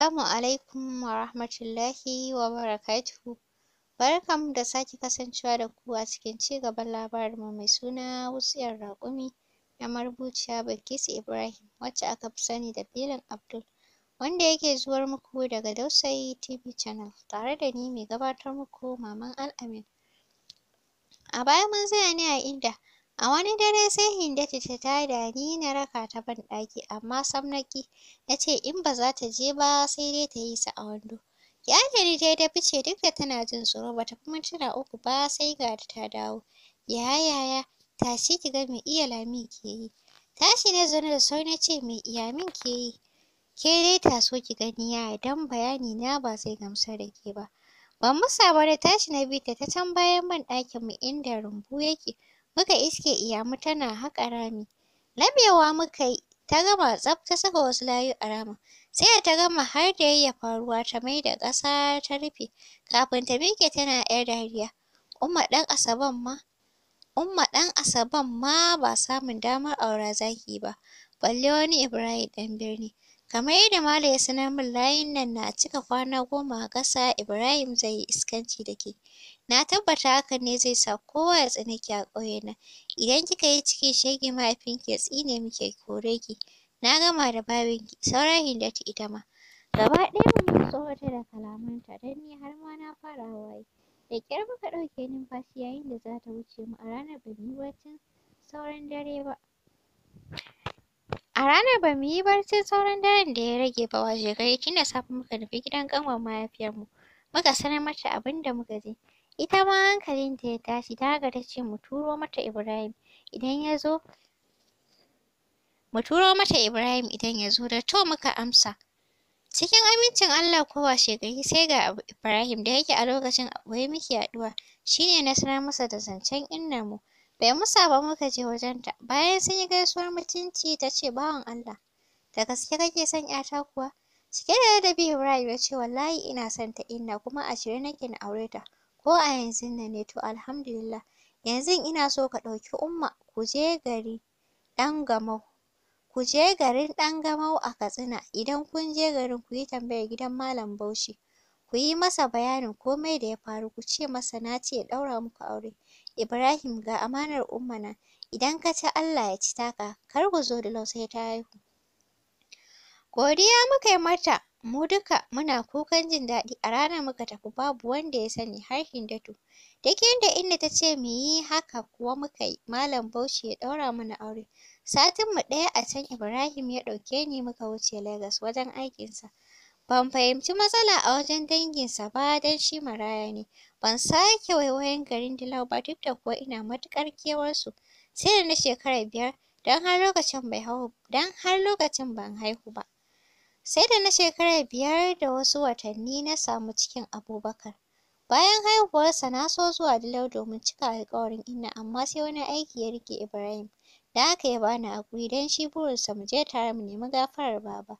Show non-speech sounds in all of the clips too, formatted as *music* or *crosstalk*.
Assalamu alaikum wa rahmatullahi wa barakatuhu. Barkanmu da sake kasancewa da ku a cikin ci gaban labarinmu mai suna wutsiyar raƙumi na marubuciya Bilkisu Ibrahim wacce aka fi sani da Bilin Abdul wanda yake zuwar muku daga Dausayi TV Channel tare da ni mai gabatar muku Maman Al-Amin. A baya mun tsaya ne a inda A wani dare sai Hindatu ta da ni na raka ta banɗaki amma sam na ƙi. Na ce in ba za ta je ba sai dai ta yi su a wando. ni dai ta fice duk da tana jin tsoro bata fi mintuna uku ba sai ga ta dawo. ya yaya tashi ki ga me iya Lami ke yi. Tashi na zaune da sauri na ce me iyamin ke yi. Ke dai taso ki gani yaya don bayani na ba zai gamsar da ke ba. Ban musa ba da tashi na bi ta ta can bayan banɗakin mu inda rumbu yake. muka iske iyamu tana haƙa rami. Lamewa muka yi, ta gama tsaf saka wasu layu a ramin. Sai da ta gama har da yayyafa ruwa ta da ƙasa ta rufe, kafin ta miƙe tana ‘yar dariya. Umma ɗan Asaban ma, Umma ɗan ma ba samun damar aura zaki ba, balle wani Ibrahim ɗan birni. Kamar yadda Malam ya sanar min layin nan na cika kwana goma a ƙasa Ibrahim zai yi iskanci da ke. Na tabbata hakan ne zai sa kowa ya tsani a ƙauyen nan. Idan kika yi cikin shege mahaifinki ya tsine miki ya kore ki. Na gama da babinki, saura Hindatu ita ma. Gaba ɗaya ban mun tsorata da kalamanta don ni har ma na fara hawaye. Da ƙyar muka ɗauke numfashi yayin da za ta wuce mu a ranar ba yi barcin sauran dare ba. A ranar ba mu yi barcin sauran daren da ya rage ba washegari tun da safe muka nufi gidan ƙanwar mu, Muka sanar mata abin da muka ji. ita ma hankalin ta ya tashi ta ga ta ce mu turo mata Ibrahim idan ya zo mu turo mata Ibrahim idan ya zo da to muka amsa cikin amincin Allah ko shegari sai ga Ibrahim da yake a lokacin akwai miki haɗuwa shine na sanar masa da zancen innar mu bai musa ba muka je wajenta bayan sun yi gaisuwar mutunci ta ce bawan Allah da gaske kake son ƴata kuwa cike da ladabi Ibrahim ya ce wallahi ina son ta inna kuma a shirye nake na aure ta ko a yanzun nan ne to alhamdulillah yanzun ina so ka ɗauki Umma ku je gari gamau ku je garin Ɗangamau a Katsina idan kun je garin ku yi tambayar gidan Malam Bauchi ku yi masa bayanin komai da ya faru ku ce masa na ce ya ɗaura muku aure Ibrahim ga amanar Umma nan idan ka ci Allah ya ci taka kar ku zo da lausai ta haihu godiya muka mata Mu duka muna kukan jin daɗi a ranar muka tafi babu wanda ya sani har Hindatu. Duk inda Inna ta ce mu yi haka kuwa muka yi, Malam Bauchi ya ɗaura mana aure. Satinmu ɗaya a can Ibrahim ya ɗauke ni muka wuce Legas wajen aikinsa. Ban fahimci matsala a wajen danginsa ba don shi maraya ne. Ban sake waiwayen garin dila ba duk da kuwa ina matuƙar kewarsu. Sai da na shekara biyar don har lokacin ban haihu ba. Sai da na shekara biyar da wasu watanni na samu cikin Abubakar. Bayan haihuwarsa na so zuwa Dilau domin cika alƙawarin inna amma sai wani aiki ya rike Ibrahim. Da haka ya bani haƙuri don shi burinsa mu je tare mu nemi gafarar baba.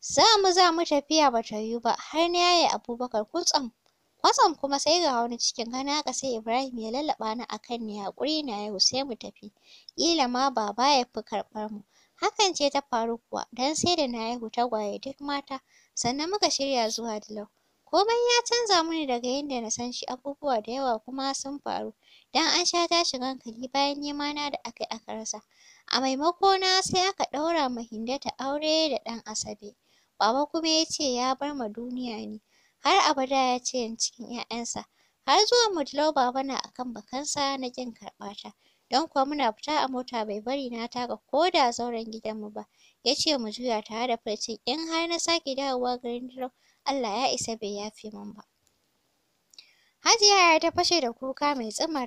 Za mu za mu tafiya ba ta yiwu ba har na yaye Abubakar kutsam. Kwatsam kuma sai ga wani cikin hana haka sai Ibrahim ya lallaɓa ni a kan ni haƙuri na yau sai mu tafi. Ƙila ma baba ya fi karɓar mu. Hakan ce ta faru kuwa, don sai da na haihu tagwaye duk mata, sannan muka shirya zuwa Dilau. Komai ya canza mini daga yadda na san shi abubuwa da yawa kuma sun faru, don an sha tashin hankali bayan nema na da aka yi aka rasa. A maimako na sai aka ɗaura ma Hindata aure da ɗan Asabe. Baba kuma ya ce ya bar ma duniya ne, har abada ya ce cikin 'ya'yansa. Har zuwan mu Dilau Baba na akan bakansa na ƙin karɓata. Don kuwa muna fita a mota bai bari na taka ko da zauren gidanmu ba. Ya ce mu juya tare da furcin in har na sake dawowa garin dare Allah ya isa bai yafe min ba. Hajiya ya ta fashe da kuka mai tsima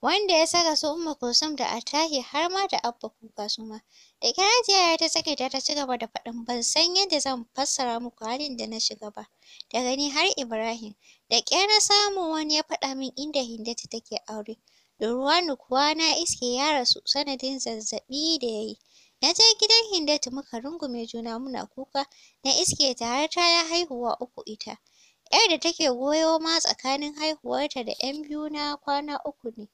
Wanda ya saka su Umma Kulsum da Atahi har ma da Abba kuka su ma. Da kira Hajiya ya ta sake da ta ci gaba da faɗin ban san yadda zan fassara muku halin da na shiga ba. Da gani har Ibrahim. Da kyar na samu wani ya faɗa min inda Hindati take aure. Durwanu kuwa na iske ya rasu sanadin zazzaɓi da ya yi. Na je gidan Hindatu muka rungume juna muna kuka, na iske ta har ta yi haihuwa uku ita. ‘Yar da take goyo ma tsakanin haihuwarta da ‘yan biyu na kwana uku ne.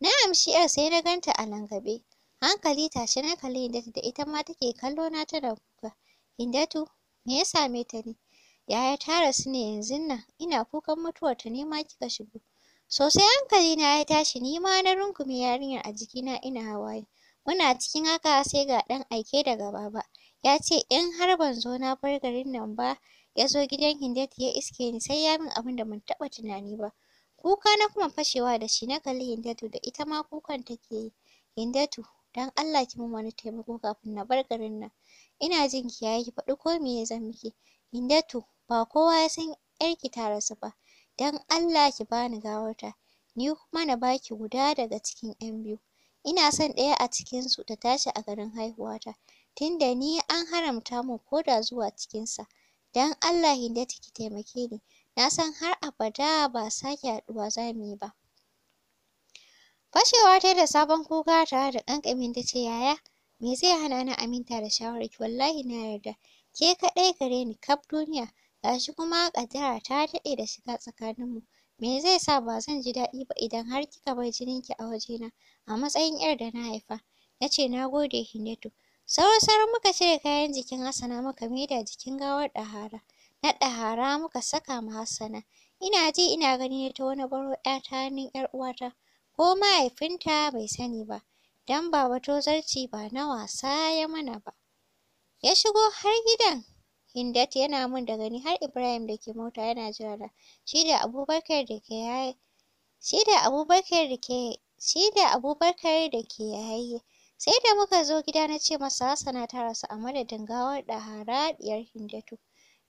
Na amshi ‘yar sai na ganta a nan langabe. Hankali tashe na kalli Hindatu da ita ma take kallo na tana kuka. Hindatu, me ya same ta ne? Yaya ta rasu ne yanzun nan? Ina kukan mutuwarta ne ma kika shigo. Sosai hankalina ya tashi ni ma na rungume yarinyar a jikina ina hawaye. Muna cikin haka sai ga ɗan aike daga baba. Ya ce in har ban zo na bar garin nan ba ya zo gidan Hindatu ya iske ni sai ya min abin da ban taɓa tunani ba. Kuka na kuma fashewa da shi na kalli Hindatu da ita ma kukan take yi. Hindatu don Allah ki min wani taimako kafin na bar garin nan. Ina jin ki yayi faɗi ko me ya zan miki. Hindatu ba kowa ya san 'yarki ta rasu ba. don Allah ki bani gawarta ni kuma na baki guda daga cikin 'yan biyu ina son ɗaya a cikinsu ta tashi a garin haihuwata tunda ni an haramta min koda zuwa cikinsa don Allah Hindatu ki taimake ni na san har abada ba sake haɗuwa za mu yi ba fashewa ta da sabon kuka tare da ƙanƙamin ta ce yaya me zai hana ni aminta da shawararki wallahi na yarda ke kaɗai gare ni kaf duniya gashi kuma ƙaddara ta daɗe da shiga tsakanin mu me zai sa ba zan ji daɗi ba idan har kika bar jinin ki a wajena a matsayin 'yar da na haifa nace nagode gode, sauri-sauri muka cire kayan jikin Hassana muka maida jikin gawar Ɗahara na Ɗahara muka saka ma Hassana ina ji ina gani ta wani baro 'ya ta hannun 'yar uwata ko mahaifinta bai sani ba dan Baba batozarci ba na wasa ya mana ba ya shigo har gidan Hindatu yana mun da gani har Ibrahim da ke mota yana jira da. Shi da Abubakar da ke yaye. Shi da Abubakar da ke shi da Abubakar da ke yaye. Sai da muka zo gida na ce masa Hassana ta rasu a madadin gawar da Hindatu.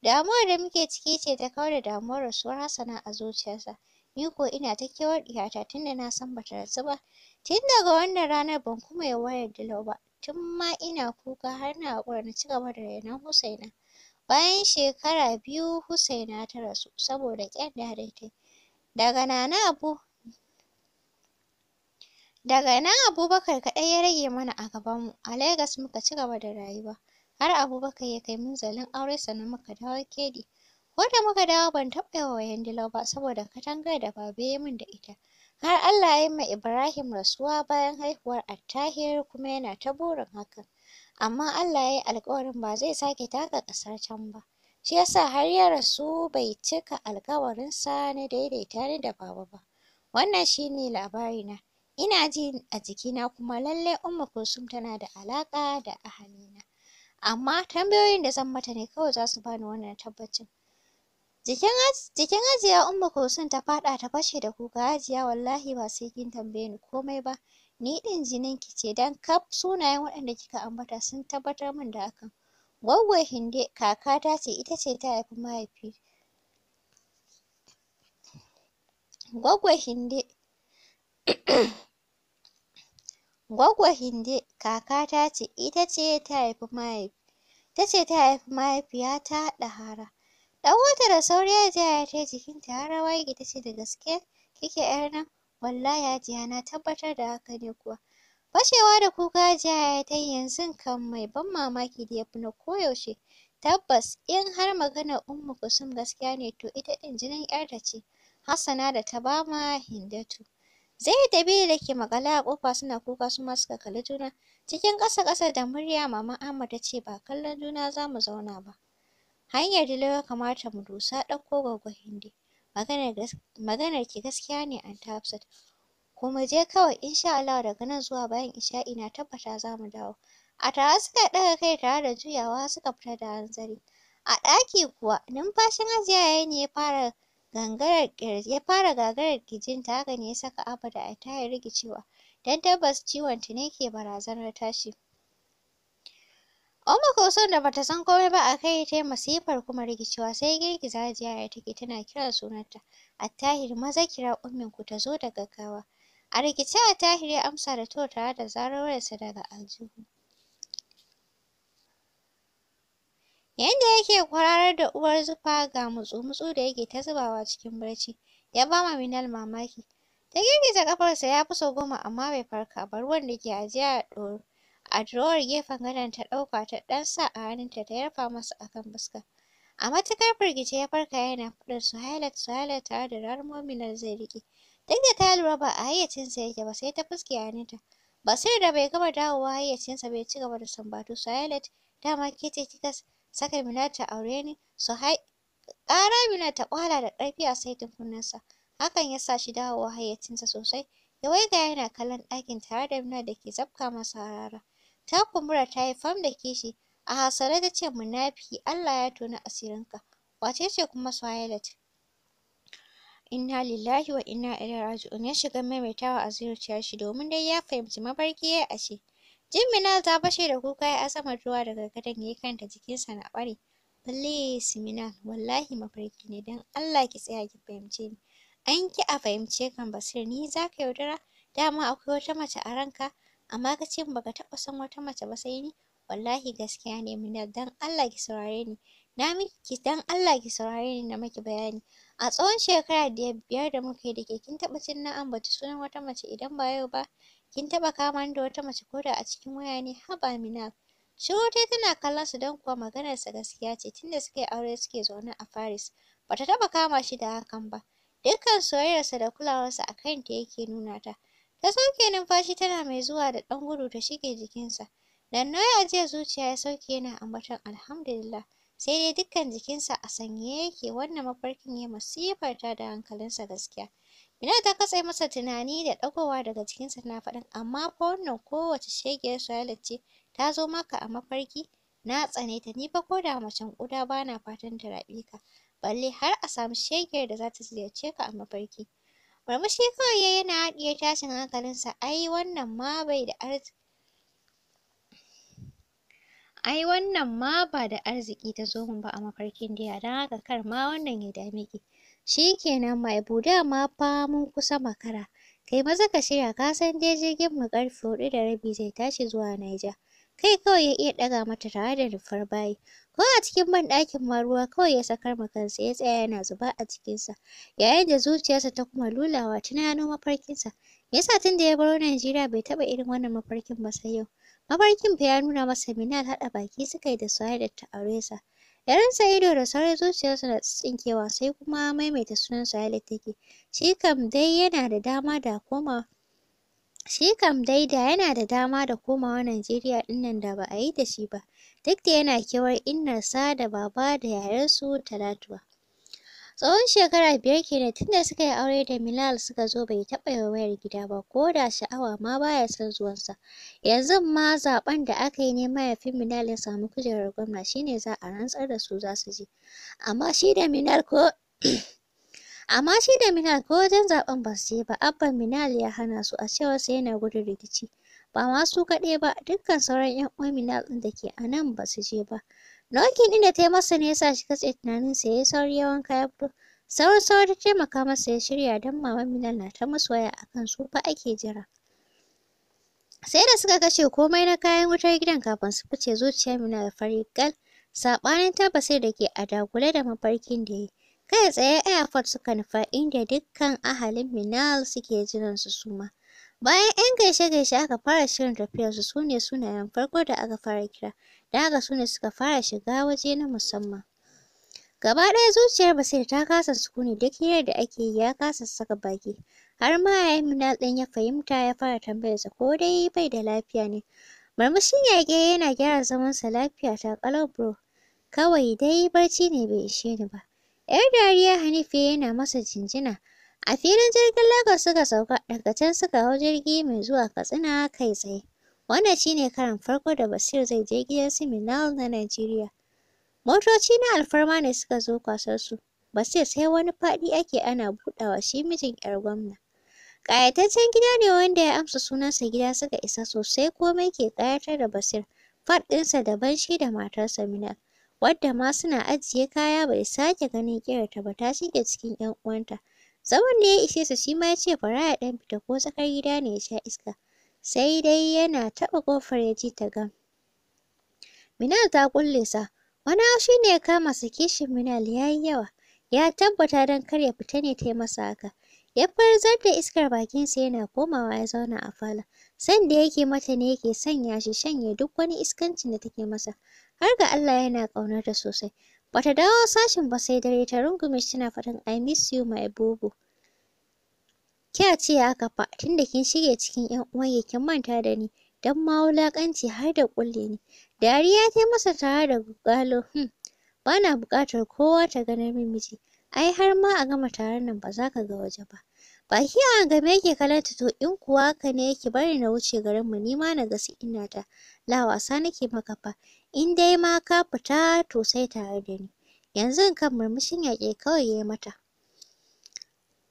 Damuwar da muke ciki ce ta kawar da damuwar rasuwar Hassana a zuciyarsa. Ni ko ina ta kewar ɗiyata tunda na san bata rasu ba. Tun daga wannan ranar ban kuma wayar dilo ba. Tun ma ina kuka har na haƙura na ci gaba da rainon Husaina. Bayan shekara biyu Husaina ta rasu saboda ƙyanda da ta Daga Nana Abu daga nan Abubakar kaɗai ya rage mana a gabanmu. A Legas muka ci gaba da rayuwa har Abubakar ya kai munzalin aure sannan muka dawo Kebbi. Ko da muka dawo ban taɓa yawa wa ba saboda katangar da babe mun da ita. Har Allah ya yi ma Ibrahim rasuwa bayan haihuwar Attahir kuma yana ta burin hakan. amma Allah ya yi alƙawarin ba zai sake taka ƙasar can ba shi yasa har ya rasu bai cika alkawarinsa na daidaita ni da baba ba wannan shi ne na. ina ji a jikina kuma lallai Umma Kulsum tana da alaƙa da ahalina amma tambayoyin da zan mata ne kawai za su bani wannan tabbacin jikin ajiya Hajiya Umma Kulsum ta faɗa ta fashe da kuka ajiya wallahi ba sai kin tambaye ni komai ba ni ɗin jinin ki ce dan kaf sunayen waɗanda kika ambata sun tabbatar min da hakan gwaggon Hinde kaka ta ce ita ce ta haifi mahaifi gwaggwai Hinde *coughs* gwaggwai Hinde kaka ta ce ita ce ta haifi mahaifi ita ce ta haifi ta mahaifiyata hara ɗan wata da sauri ya ja ya tai jikinta har rawa yake ta ce da gaske kike ƴar nan Wallahi Hajiya na tabbatar da haka ne kuwa. Fashewa da kuka Hajiya ya ta yanzu kan mai ban mamaki da ya fi na koyaushe. Tabbas in har maganar Ummu Kulsum gaskiya ne to ita ɗin jinin ƴarta ce, Hassana da ta ba ma Hindatu. Zai da da ke maƙale a ƙofa suna kuka su ma suka kalli juna. Cikin ƙasa-ƙasa da murya Mama Ahmad ta ce ba kallon juna za mu zauna ba. Hanyar Dila ya kamata mu dosa ɗauko Gwaggo Hindi. maganar ki gaskiya ne anti Hafsat kuma je kawai insha Allah daga nan zuwa bayan isha'i na tabbata za mu dawo a tare suka ɗaga kai tare da juyawa suka fita da hanzari a ɗaki kuwa numfashin Hajiya ne ya fara gangarar ya fara gagarar ta haka ne ya saka abu da Atta ya rikicewa don tabbas ciwon ta ne ke barazanar tashi Umma Kulsum da bata san komai ba a kai ta masifar kuma rikicewa sai girgiza jiya take tana kira sunanta. Attahir maza kira ummin ku ta zo da gaggawa. A rikice Attahir ya amsa da to tare da zarar sa daga aljihu. Yanda yake kwararar da uwar zufa ga mutsu-mutsu da yake ta zubawa cikin barci ya ba ma Minal mamaki. Ta girgiza kafarsa ya fi so goma amma bai farka ba ruwan da ke ajiya a ɗo a durowar gefen gadon ta ɗauka ta ɗan sa a hannunta ta yarfa masa akan fuska a matuƙar firgice ya farka yana faɗin su Suhailat tare da ramuwar Minal zai riƙe duk da ta lura ba a hayyacinsa yake ba sai ta fuske hannunta Basir da bai gama dawowa hayyacinsa bai ci gaba da sambatu Suhailat dama ke ce kika saka minar ta aure ni hai ƙara minar ta ƙwala da ƙarfi a saitin kunnensa hakan ya sa shi dawowa hayyacinsa sosai ya waiga yana kallon ɗakin tare da minar da ke zabka masa harara ta kumbura ta yi fam da kishi a hasare ta ce munafiki Allah ya tona asirinka wace ce kuma Swahilat inna lillahi wa inna ilaihi raji'un ya shiga maimaitawa a zuciyar shi domin dai ya fahimci mafarki ya ashe Jimmina ta fashe da kuka ya asamar ruwa daga gadon ya kanta jikinsa na ɓare please Minal wallahi mafarki ne don Allah ki tsaya ki fahimce ni an ki a fahimce kan Basir ni za ka yaudara dama akwai wata mace a ranka amma ka ce baka taɓa son wata mace ba sai ni wallahi gaskiya ne Minna dan Allah ki saurare ni na miki dan Allah ki saurare ni na miki bayani a tsawon shekara biyar da muka yi da ke kin taɓa cin na ambaci sunan wata mace idan ba yau ba kin taɓa kama ni da wata mace ko da a cikin waya ne haba Minna shiru dai tana kallon su dan kuwa maganarsa gaskiya ce tunda suka yi aure suke zaune a Paris bata taɓa kama shi da hakan ba dukkan soyayyarsa da kulawarsa a ta yake nuna ta Ta sauke numfashi tana mai zuwa da ɗan gudu ta shige jikinsa. Danno ya ajiye zuciya ya sauke yana ambaton alhamdulillah. Sai dai dukkan jikinsa a sanye yake wannan mafarkin ya masifar da hankalinsa gaskiya. ina ta katse masa tunani da ɗagowa daga jikinsa tana faɗin amma fa wannan kowace shegiyar ya ce ta zo maka a mafarki na tsane ta ni fa ko da macen ƙuda bana fatan ta raɓe ka balle har a samu shegiyar da za ta ziyarce ka a mafarki. Marmashi kawai ya yana haɗiye tashin hankalinsa, ai wannan ma bai da arziki. Ai wannan ma ba da arziki ta zo min ba a mafarkin jiya, don haka kar ma wannan ya dame ki. Shi kenan Da ma fa mun kusa makara. Kai maza ka shirya ka san dai jirgin mu ƙarfe huɗu da rabi zai tashi zuwa Niger. Kai kawai ya iya ɗaga mata tare da rufar bayi. Ko a cikin banɗakin ma ruwa kawai ya sakar ma kansa ya tsaya yana zuba a cikinsa. Yayin da zuciyarsa ta kuma lulawa tunanin mafarkinsa. Me yasa tun da ya baro Najeriya bai taɓa irin wannan mafarkin ba sai yau? Mafarkin fa ya nuna masa Minal haɗa baki suka yi da Suhaidat ta aure sa. sa ido da sauran zuciyarsa na tsinkewa sai kuma maimaita sunan Suhaidat take. Shi kam dai yana da dama da koma Shi kam dai yana da dama da komawa Najeriya ɗin nan da ba a yi da shi ba, duk da yana kewar innarsa da baba da yayarsu Talatuwa. Tsawon shekara biyar kenan tun da suka yi aure da Milal suka zo bai taɓa yi wayar gida ba ko da sha'awa ma baya son zuwansa. Yanzu ma zaɓen da aka yi ne mahaifin Milal ya samu kujerar gwamna shine za a rantsar da su za su je. Amma shi da Milal ko Amma shi da Minal ko wajen zaɓen ba su je ba, abban Minal ya hana su a sa yana gudun rikici. Ba ma su kaɗai ba, dukkan sauran 'yan uwan Minal ɗin da ke a nan ba su je ba. Nokin ɗin da ta masa ne ya sa shi tunanin sa ya yi sauri ya wanka ya fito. Sauran sauran ta taimaka masa ya shirya don maman Minal na ta musu waya kan su fa ake jira. Sai da suka kashe komai na kayan wutar gidan kafin su fice zuciya Minal fari gal. Saɓanin tabbasai da ke a dagule da mafarkin da ya yi. Kai tsaye airport suka nufa inda dukkan ahalin Minal suke jiran su suma Bayan 'yan gaishe-gaishe aka fara shirin tafiyar su sune sunayen farko da aka fara kira, da haka sune suka fara shiga waje na musamman. Gaba ɗaya zuciyar Basir ta kasa sukuni duk hirar da ake yi ya kasa saka baki. Har ma yayin Minal ɗin ya fahimta ya fara tambayar sa ko dai bai da lafiya ne. Murmushin yage yana gyara zaman sa lafiya ta kalabro bro. Kawai dai barci ne bai ishe ni ba. Yar dariya Hanifiya yana masa jinjina. A filin jirgin Lagos suka sauka, daga can suka hau jirgi mai zuwa Katsina kai tsaye. Wannan shine ne karon farko da Basir zai je gidan Siminal na Najeriya. Motoci na alfarma ne suka zo kwasar su. Basir sai wani faɗi ake ana buɗawa shi mijin 'yar gwamna. Ƙayataccen gida ne wanda ya amsa sunansa gida suka isa sosai komai ke ƙayatar da Basir. Fat ɗinsa daban shi da matarsa Minal. wadda ma suna ajiye kaya bai sake ganin ƙirarta ba ta shige cikin 'yan uwanta. Zaman da ya ishe su, shi ma ya ce bara ya ɗan fita ko tsakar gida ne ya sha iska. Sai dai yana taɓa kofar ya ji ta gam. Minal ta ƙulle sa. Wani haushi ne ya kama sa kishin Minal ya yi yawa. Ya tabbata don kar ya fita ne ta masa haka. Ya farzar da iskar bakinsa yana komawa ya zauna a falon. Sanda yake mata ne yake sanya shi shanye duk wani iskancin da take masa. har ga Allah yana ta sosai. Bata dawo sashin ba sai dare ta rungume shi tana faɗin I miss you my bobo. Kya ce haka fa tunda kin shige cikin ƴan uwan kin manta da ni dan ma wulaƙanci har da kulle ni. Dariya ta masa tare da galo hmm bana buƙatar kowa ta ganar min miji ai har ma a gama taron nan ba za ka ga waje ba. Baki a game yake kalanta to in kuwa ka ne yake bari na wuce garinmu ni ma na ga su ina ta. La wasa nake maka fa. In dai ma ka fita to sai tare da ni. Yanzu kan murmushin yaƙe kawai ya mata.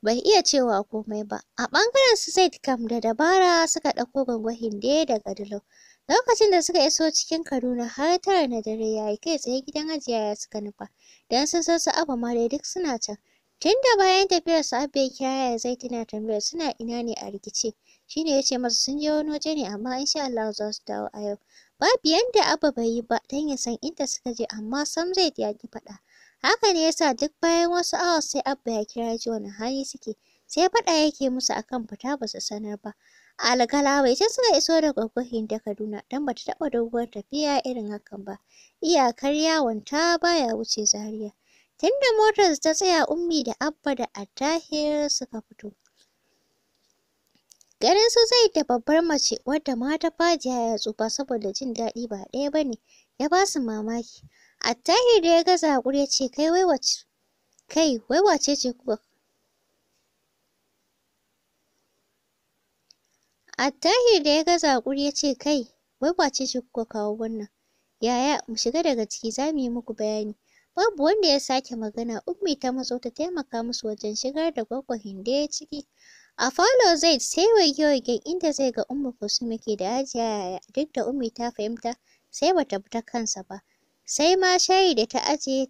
Bai iya cewa komai ba. A bangaren su sai kam da dabara suka ɗauko gwangwahin da daga dalo Lokacin da suka iso cikin Kaduna har tara na dare yayi kai tsaye gidan ajiya ya suka nufa. Don sun san su Abba ma dai duk suna can. Tun da bayan tafiyar su Abba ya kira ya zai tana tambayar suna ina ne a rikice. Shi ne ya ce masa sun je wani waje ne amma in sha Allah za su dawo a yau. Babu yanda Abba bai yi ba don ya san inda suka je amma Sam zai ya ki faɗa. Haka ne yasa duk bayan wasu awa sai Abba ya kira ji wani hali suke. Sai faɗa yake musu akan fita ba su sanar ba. alkala bai ce suka iso da gwaggwahin da Kaduna don ta taɓa doguwar tafiya irin hakan ba. Iyakar yawon ta baya wuce Zaria. Tunda motar ta tsaya ummi da abba da attahir suka fito. Garin su zai da babbar mace wadda mata fajiya ya tsufa saboda jin daɗi ba ɗaya ba ne ya ba su mamaki. Attahir da ya gaza haƙuri ya ce kai wai wace kai wai wace ce Attahir da ya gaza haƙuri ya kai wai wace ce kuka kawo wannan yaya mu shiga daga ciki za mu yi muku bayani. Babu wanda ya sake magana, Ummi ta matso ta taimaka musu wajen shigar da Gwaggo Hinde ciki. A falo zai sai waige-waigen inda zai ga Ummu Kulsum muke da ajiya Yaya, duk da Ummi ta fahimta sai bata bi ta kansa ba. Sai ma shayi da ta aje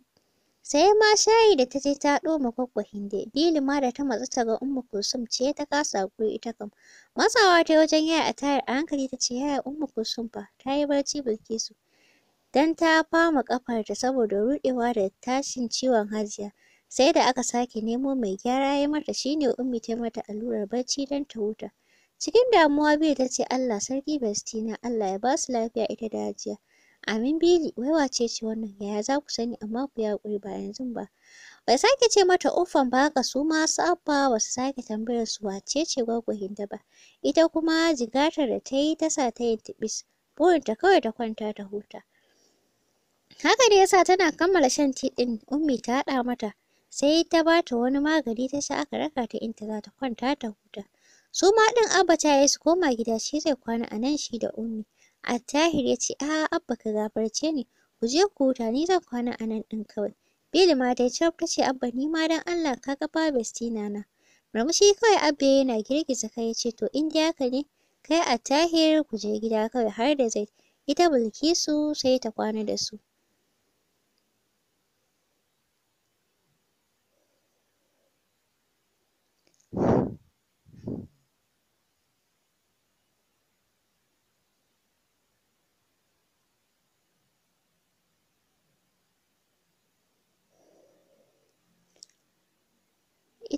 sai ma shayi da ta je ta ɗoma Gwaggo Hinde, ma da ta matsu ta ga Ummu Kulsum ce ta kasa haƙuri ita kam. Matsawa ta wajen Yaya tayar a hankali ta ce Yaya ummi Kulsum fa ta yi barci Bilkisu. Dan ta fama ƙafarta saboda ruɗewa da tashin ciwon hajiya. Sai da aka sake nemo mai gyara ya mata shine Ummi ta mata allurar barci don ta huta. Cikin damuwa Bill ta Allah sarki na Allah ya basu lafiya ita da hajiya. Amin Bili wai wace ce wannan yaya za sani amma ku ya haƙuri ba yanzu ba. Bai sake ce mata ufan ba haka su ma Abba ba su sake tambayar su wace ce ta ba. Ita kuma jigatar da ta yi ta sa ta yin burin ta kawai ta kwanta ta huta. Haka ne yasa tana kammala shan tiɗin, din, Ummi ta haɗa mata sai ta bata wani magani ta sha aka raka ta inda za ta kwanta ta huta. Su ma ɗin Abba ta yi su koma gida shi zai kwana a nan shi da Ummi. Attahir ya ce "A Abba ka gafarce ni ku je ku huta ni zan kwana a nan ɗin kawai. Bili ma dai ce, ta ce Abba ni ma don Allah ka ga Bestina na. Murmushi kawai Abba yana girgiza kai ya ce to in dai haka ne kai Attahir ku je gida kawai har da zai ita Bilkisu sai ta kwana da su.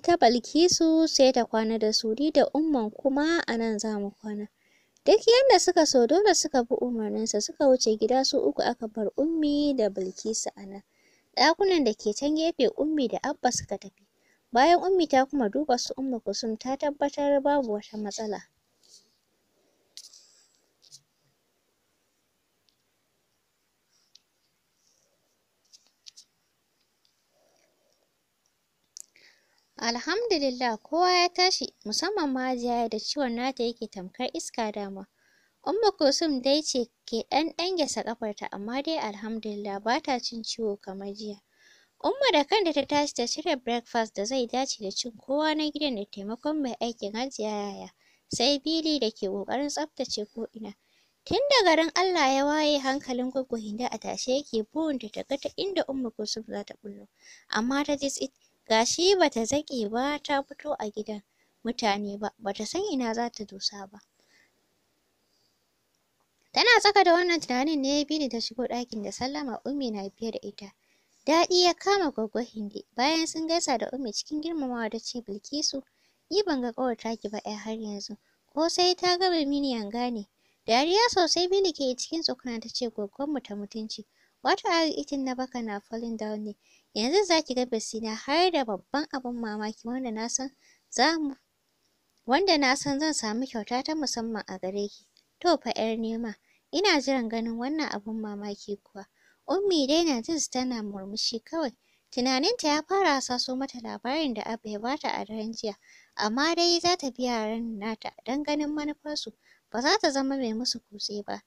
Ta Bilkisu sai ta kwana da ni da Umman kuma a nan za mu kwana. Duk yadda suka so dole suka bi umarninsa suka wuce gida su uku aka bar Ummi da Bilkisu a nan. Ɗakunan da ke can gefe Ummi da Abba suka tafi. Bayan Ummi ta kuma duba su Umma kusum ta tabbatar babu wata matsala. Alhamdulillah kowa ya tashi musamman ma jiya da ciwon nata yake tamkar iska dama. Umma Kusum dai ce ke ɗan ɗan gyasa ƙafarta amma dai alhamdulillah ba ta cin ciwo kamar jiya. Umma da kanta ta tashi ta shirya breakfast da zai dace da cin kowa na gidan da taimakon mai aikin Hajiya Yaya sai Bili da ke ƙoƙarin tsaftace ko'ina. Tun da garin Allah ya waye hankalin Gwaggo da a tashe yake burinta ta ga ta inda Umma Kusum za ta ɓullo, amma ta ji tsit Ga shi ba ta zaƙe ba ta fito a gidan mutane ba, ba ta san ina za ta dosa ba. Tana tsaka da wannan tunanin ne Bini ta shigo ɗakin da sallama Ummi na biye da ita. Daɗi ya kama gwaggo Hindi bayan sun gaisa da Ummi cikin girmamawa da ce Bilkisu ni ban ga ƙawarta ki ba ai har yanzu ko sai ta gama mini yanga ne. Dariya sosai Bini ke cikin tsokana ta ce mu ta mutunci what are you eating na baka na falling down ne yanzu za ki ga basira har da babban abin mamaki wanda na san za mu wanda na san zan samu kyauta ta musamman a gare ki to fa 'yar nema ina jiran ganin wannan abin mamaki kuwa ummi dai na jin tana murmushi kawai tunaninta ya fara saso mata labarin da Abba ya bata a daren jiya amma dai za ta bi yaran nata don ganin manufarsu ba za ta zama mai musu kutse ba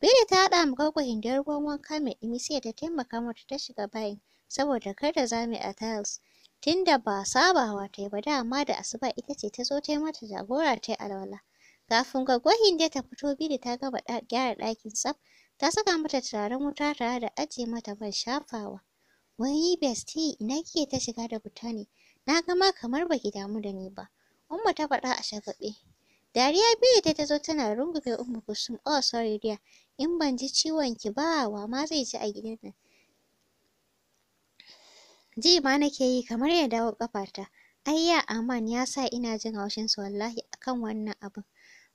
Biri ta haɗa ma Gwaggo hindiyar ruwan wanka mai ɗumi sai ta taimaka mata ta shiga bayin saboda kar da zame a tiles tunda ba sabawa ta yi ba dama da asuba ita ce ta zo ta yi mata jagora ta yi alwala kafin gwaggwahin da ta fito da ta gama gyara ɗakin tsaf ta saka mata turaren wuta tare da ajiye mata man shafawa wai bestie ina kike ta shiga da fita ne na ga ma kamar baki damu da ni ba umma ta faɗa a shagaɓe dariya biyu da ta zo tana rungume umma kusum oh sorry dear in ban ji ciwon ki ba wa ma zai ji a gidan nan ji ma nake yi kamar ya dawo ƙafata ai ya aman ya sa ina jin haushin su wallahi akan wannan abin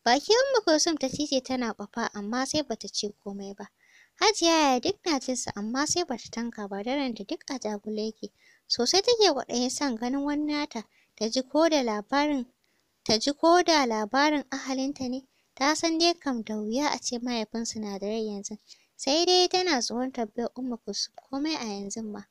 baki umma kusum ta cije tana kwafa amma sai bata ce komai ba hajiya ya duk na jin su amma sai bata tanka ba daren da duk a jagule yake sosai take kwaɗayin san ganin wani nata ta ji ko da labarin ta ji ko da labarin ahalinta ne ta san dai kam da wuya a ce mahaifinsu na da rai yanzu sai dai tana tsoron tambayar umma kusum komai a yanzu ma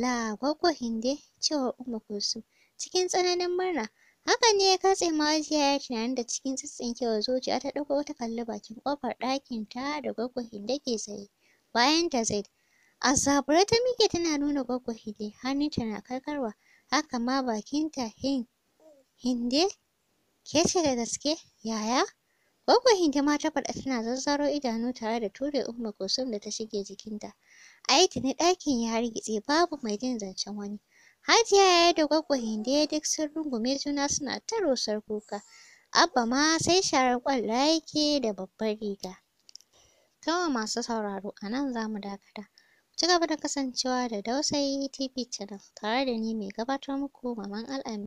la gwaggo hinde cewa umma kulsum cikin tsananin murna hakan ne ya katse mawajiya ya tunanin da cikin tsitsinkewar zuciya ta ɗauko ta kalli bakin ƙofar ɗakin ta da gwaggo hinde ke tsaye bayan ta zaid a zabura ta miƙe tana nuna gwaggo hinde hannunta na karkarwa haka ma bakinta hin hinde ke ce da gaske yaya Gwaggo ma ta faɗa tana zazzaro idanu tare da ture Umma Kulsum da ta shige jikinta. yi tuni ɗakin ya hargitse babu mai jin zancen wani hajiya ya yi da gwaggo ya duk sun rungume juna suna ta rusar kuka abba ma sai sharar ƙwalla yake da babbar riga kawai masu sauraro a nan za mu dakata Ku ci gaba da kasancewa da dausayi tv channel tare da ni mai gabatar muku maman al'ami